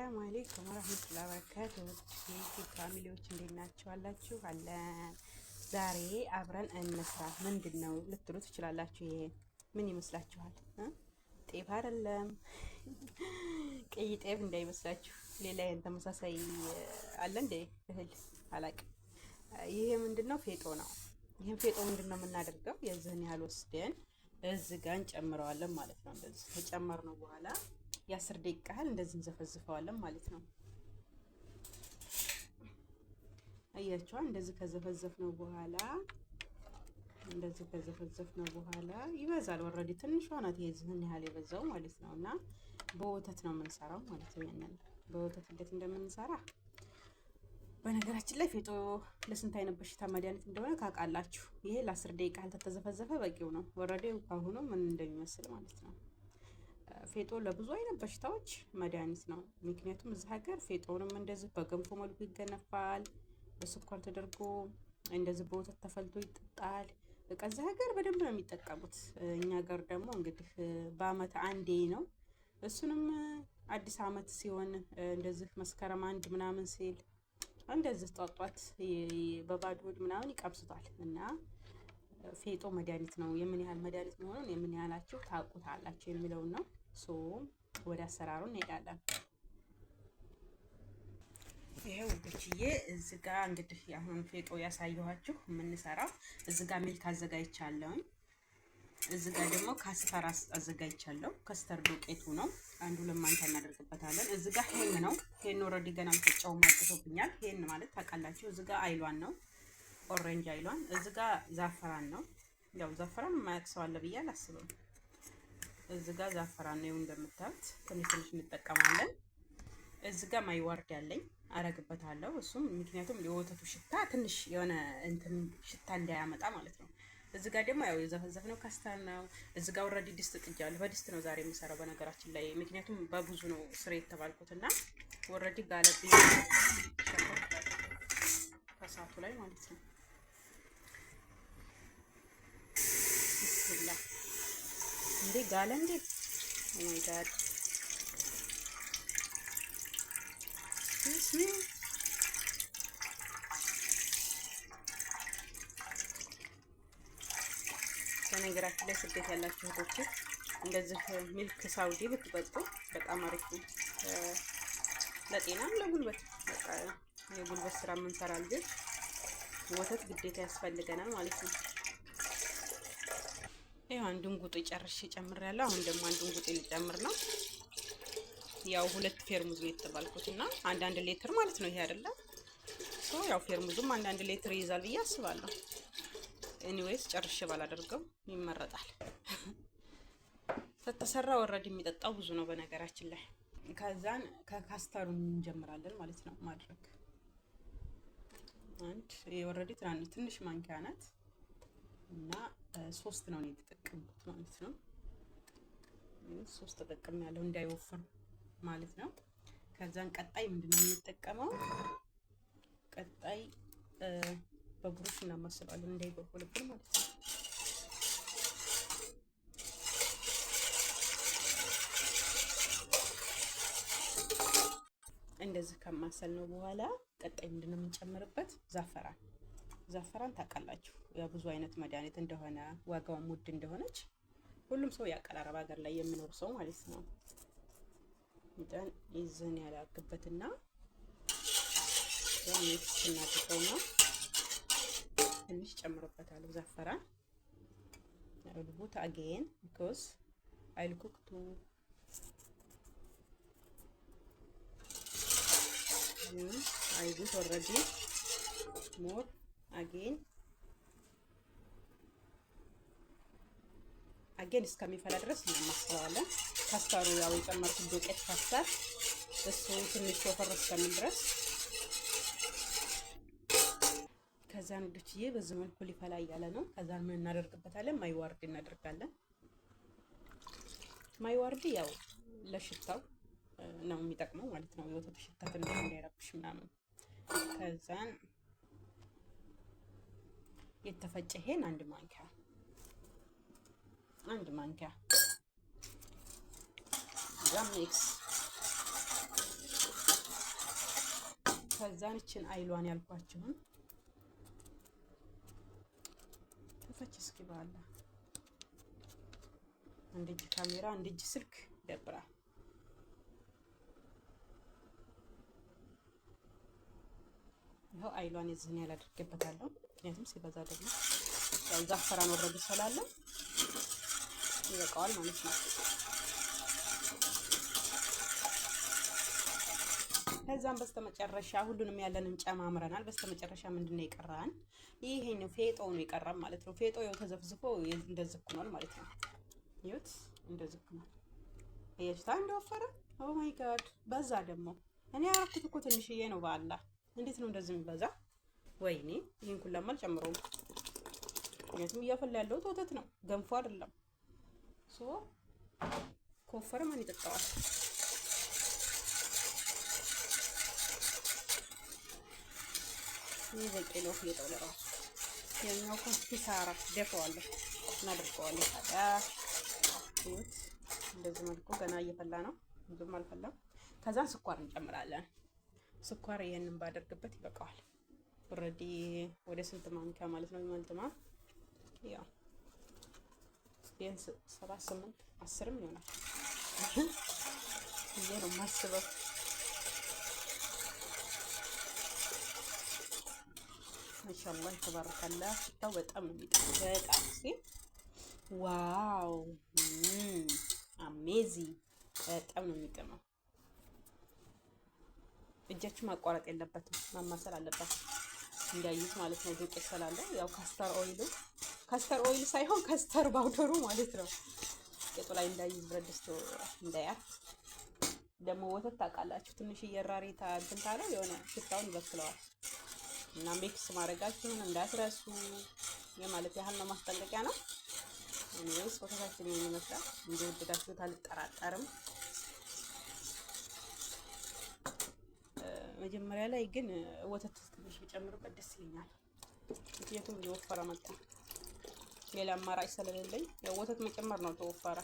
ሰላም አለይኩም ወራህመቱላሂ ወበረካቱ የዩቲዩብ ፋሚሊዎች እንዴት ናችሁ? አላችሁ አለን። ዛሬ አብረን እንስራ ምንድን ነው ልትሉ ትችላላችሁ። ይሄ ምን ይመስላችኋል? ጤፍ አይደለም፣ ቀይ ጤፍ እንዳይመስላችሁ። ሌላ ተመሳሳይ አለ እንደ እህል አላቅም። ይሄ ምንድን ነው? ፌጦ ነው። ይህም ፌጦ ምንድን ነው የምናደርገው? የዚህን ያህል ወስደን እዚህ ጋር እንጨምረዋለን ማለት ነው። እንደዚህ ከጨመርነው በኋላ የአስር ደቂቃ ያህል እንደዚህ እንዘፈዝፈዋለን ማለት ነው። አያቸዋ እንደዚህ ከዘፈዘፍ ነው በኋላ እንደዚህ ከዘፈዘፍ ነው በኋላ ይበዛል። ወረዴ ትንሽ ሆናት ይሄን ያህል የበዛው ማለት ነው። እና በወተት ነው የምንሰራው ማለት ነው። ያንን በወተት እንዴት እንደምንሰራ በነገራችን ላይ ፌጦ ለስንት አይነት በሽታ መድኃኒት እንደሆነ ታውቃላችሁ። ይሄ ለአስር ደቂቃ ያህል ተዘፈዘፈ በቂው ነው። ወረዴው ካሁኑ ምን እንደሚመስል ማለት ነው። ፌጦ ለብዙ አይነት በሽታዎች መድኃኒት ነው። ምክንያቱም እዚህ ሀገር ፌጦንም እንደዚህ በገንፎ መልኩ ይገነፋል፣ በስኳር ተደርጎ እንደዚህ በወተት ተፈልቶ ይጠጣል። በቃ እዚህ ሀገር በደንብ ነው የሚጠቀሙት። እኛ ሀገር ደግሞ እንግዲህ በአመት አንዴ ነው። እሱንም አዲስ አመት ሲሆን እንደዚህ መስከረም አንድ ምናምን ሲል እንደዚህ ጧጧት በባዶ ሆድ ምናምን ይቀብሱታል እና ፌጦ መድኃኒት ነው። የምን ያህል መድኃኒት መሆኑን የምን ያህላችሁ ታውቁታላችሁ የሚለውን ነው። ወደ አሰራሩ እንሄዳለን። ይሄ ውዶችዬ እዚህ ጋር እንግዲህ አሁን ፌጦ ያሳየኋችሁ የምንሰራው እዚህ ጋር ሚልክ አዘጋጅቻለሁኝ። እዚህ ጋር ደግሞ ካስተር አዘጋጅቻለሁ። ከስተር ዱቄቱ ነው። አንዱ ለማንተ እናደርግበታለን። እዚህ ጋር ሄን ነው። ሄን ኦልሬዲ ገና ምትጫው ማጥቶብኛል። ሄን ማለት ታውቃላችሁ። እዚህ ጋር አይሏን ነው፣ ኦሬንጅ አይሏን። እዚህ ጋር ዛፈራን ነው። ያው ዛፈራን የማያውቅ ሰው አለ ብዬ አላስብም። እዚህ ጋር ዛፈራን ነው እንደምታዩት ትንሽ ትንሽ እንጠቀማለን። እዚህ ጋር ማይዋርድ ያለኝ አረግበታለሁ። እሱም ምክንያቱም የወተቱ ሽታ ትንሽ የሆነ እንትን ሽታ እንዳያመጣ ማለት ነው። እዚህ ጋር ደግሞ ያው የዘፈዘፍ ነው ካስተር ነው። እዚህ ጋር ኦልሬዲ ድስት ጥጃለሁ። በድስት ነው ዛሬ የምሰራው በነገራችን ላይ ምክንያቱም በብዙ ነው ስሬ የተባልኩት እና ኦልሬዲ ጋለብ ተሳቱ ላይ ማለት ነው እንዴ ጋለ እንዴ! ኦ ማይ ጋድ በነገራችን ላይ ስደት ያላችሁ እህቶች እንደዚህ ሚልክ ሳውዲ ብትጠጡ በጣም አሪፍ ነው፣ ለጤናም ለጉልበት። የጉልበት ስራ የምንሰራ ልጆች ወተት ግዴታ ያስፈልገናል ማለት ነው። ይሄ አንዱን ጉጥ ጨርሼ ጨምሬያለሁ። አሁን ደግሞ አንዱን ጉጥ ልጨምር ነው። ያው ሁለት ፌርሙዝ ነው የተባልኩት እና አንዳንድ ሌትር ማለት ነው ይሄ አይደለ? ሶ ያው ፌርሙዙም አንዳንድ ሌትር ይይዛል ብዬ አስባለሁ። ኤኒዌይስ ጨርሼ ባላደርገው ይመረጣል። ከተሰራ ወረድ የሚጠጣው ብዙ ነው በነገራችን ላይ። ከዛን ከካስተሩ እንጀምራለን ማለት ነው ማድረግ አንድ የወረዴ ትናንሽ ትንሽ ማንኪያ ናት እና ሶስት ነው የተጠቀምኩት ማለት ነው። ሶስት ተጠቀም ያለው እንዳይወፍር ማለት ነው። ከዛን ቀጣይ ምንድን ነው የምንጠቀመው? ቀጣይ በብሩሽ እናማስለዋለን እንዳይጎልብን ማለት ነው። እንደዚህ ከማሰል ነው በኋላ ቀጣይ ምንድን ነው የምንጨምርበት? ዛፈራል ዛፈራን ታውቃላችሁ ብዙ አይነት መድኃኒት እንደሆነ ዋጋውም ውድ እንደሆነች ሁሉም ሰው ያውቃል፣ ሀገር ላይ የሚኖር ሰው ማለት ነው። ሚጠን ይዝን ያላግበትና ሚክስ ስናድርገውና ትንሽ ጨምሮበታለሁ ዛፈራን ልቡት አጌን ቢኮዝ አይልኩክቱ አይጉት ወረዲ ሞር አጌን አጌን እስከሚፈላ ድረስ እናማስለዋለን። ካስታሩ ያው የጨመርኩት ዱቄት ካስታር እሱ ትንሽ ወፈር እስከሚል ድረስ ከዛን ውዶችዬ በዚህ መልኩ ሊፈላ እያለ ነው። ከዛን ምን እናደርግበታለን? ማይዋርድ እናደርጋለን። ማይዋርድ ያው ለሽታው ነው የሚጠቅመው ማለት ነው። የወተት ሽታ ትንሽ እንዳይረብሽ ምናምን ከዛን የተፈጨ ይሄን አንድ ማንኪያ አንድ ማንኪያ ጋር ሚክስ ከዛን ይችን አይሏን ያልኳችሁን ተፈች እስኪ አንድ እጅ ካሜራ አንድ እጅ ስልክ ይደብራል። ይኸው አይሏን የዚህን ያህል አድርጌበታለሁ። ምክንያቱም ሲበዛ ደግሞ ያው ዛፈራን ወረዱ ስላለ ይበቃዋል ማለት ነው። ከዛም በስተመጨረሻ ሁሉንም ያለንን ጨማምረናል። በስተመጨረሻ ምንድን ነው የቀራን? ይሄን ፌጦ ነው የቀራን ማለት ነው። ፌጦ ይኸው ተዘፍዝፎ እንደዚህ ነው ማለት ነው። ይኸውት እንደዚህ ነው። አያችሁት? እንደወፈረ። ኦ ማይ ጋድ በዛ ደግሞ እኔ አራት እኮ ትንሽዬ ነው በአላህ እንዴት ነው እንደዚህ የሚበዛ? ወይኔ ይህን ኩላማ አልጨምረውም። ምክንያቱም እያፈላ ያለው ወተት ነው፣ ገንፎ አይደለም። ሶ ኮፈር ማን ይጠጣዋል? ይህ በቂ ነው። ፍየጠው ለራሱ የኛው ኮንፊሳራ ደፈዋለሁ፣ እናደርገዋለን። ታዲያ እንደዚህ መልኩ ገና እየፈላ ነው፣ ብዙም አልፈላም። ከዛን ስኳር እንጨምራለን። ስኳር ይህንን ባደርግበት ይበቃዋል። ኦልሬዲ ወደ ስንት ማንኪያ ማለት ነው? ማለትማ ያው ይሄን ሰባት ስምንት አስርም ይሆናል ብዬ ነው የማስበው። ማሻአላህ ተባረካላ። ሽታው በጣም ነው የሚጠቅመው። በጣም እስኪ ዋው አሜዚ በጣም ነው የሚጠማው። እጃችሁ ማቋረጥ የለበትም፣ ማማሰል አለበት እንዳይዝ ማለት ነው። ዱቄት ስላለ ያው ካስተር ኦይል ካስተር ኦይል ሳይሆን ካስተር ባውደሩ ማለት ነው። ቄጡ ላይ እንዳይዝ ብረት ድስቱ እንዳያት። ደግሞ ወተት ታውቃላችሁ፣ ትንሽ እየራሪ ታንታለ የሆነ ሽታውን ይበክለዋል። እና ሚክስ ማድረጋችሁን እንዳትረሱ የማለት ያህል ነው፣ ማስጠንቀቂያ ነው። እኔስ ወተታችን ይመስላል እንደወደዳችሁት አልጠራጠርም። መጀመሪያ ላይ ግን ወተት ትንሽ ቢጨምርበት ደስ ይለኛል። ምክንያቱም እየወፈረ መጣ። ሌላ አማራጭ ስለሌለኝ ወተት መጨመር ነው። ተወፈረ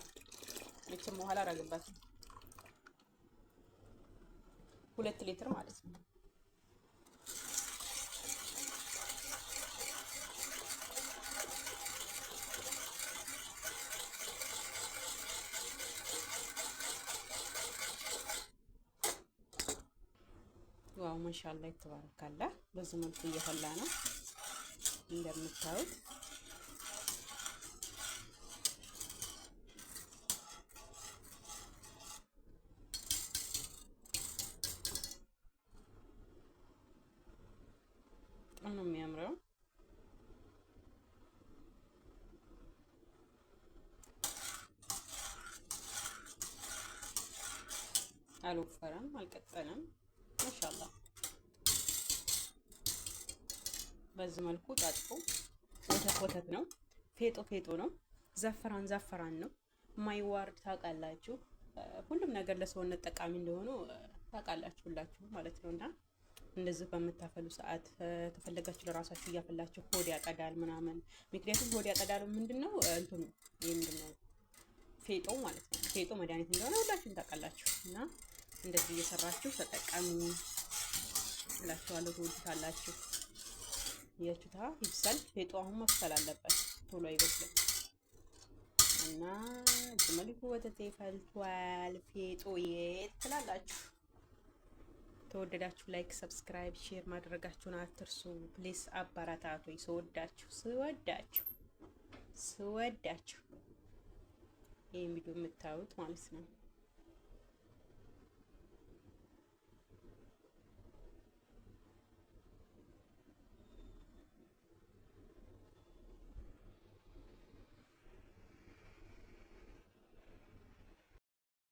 መቼም በኋላ አረግበት ሁለት ሊትር ማለት ነው። ማሻላ ይተባረካላ። በዚህ መልኩ እየፈላ ነው እንደምታዩት። በጣም ነው የሚያምረው። አልወፈረም፣ አልቀጠንም። ማሻአላህ በዚህ መልኩ ጣጥፎ ወተት ወተት ነው፣ ፌጦ ፌጦ ነው፣ ዘፈራን ዘፈራን ነው። ማይዋርድ ታውቃላችሁ። ሁሉም ነገር ለሰውነት ጠቃሚ እንደሆኑ ታውቃላችሁ ሁላችሁ ማለት ነው። እና እንደዚህ በምታፈሉ ሰዓት ከፈለጋችሁ ለራሳችሁ እያፈላችሁ ሆድ ያጠዳል ምናምን። ምክንያቱም ሆድ ያጠዳሉ ምንድን ነው እንትኑ ምንድን ነው ፌጦ ማለት ነው። ፌጦ መድኃኒት እንደሆነ ሁላችሁም ታውቃላችሁ። እና እንደዚህ እየሰራችሁ ተጠቃሚ እላችኋለሁ። ትወዱታላችሁ። የችታ ይብሰል። ፌጦ አሁን መብሰል አለበት፣ ቶሎ አይበስልም እና መልኩ ወተቴ ፈልቷል። ፌጦ የት ትላላችሁ? ተወደዳችሁ ላይክ፣ ሰብስክራይብ፣ ሼር ማድረጋችሁን አትርሱ። ፕሊስ አባራታቶኝ ስወዳችሁ ስወዳችሁ ስወዳችሁ ይህን ቪዲዮ የምታዩት ማለት ነው።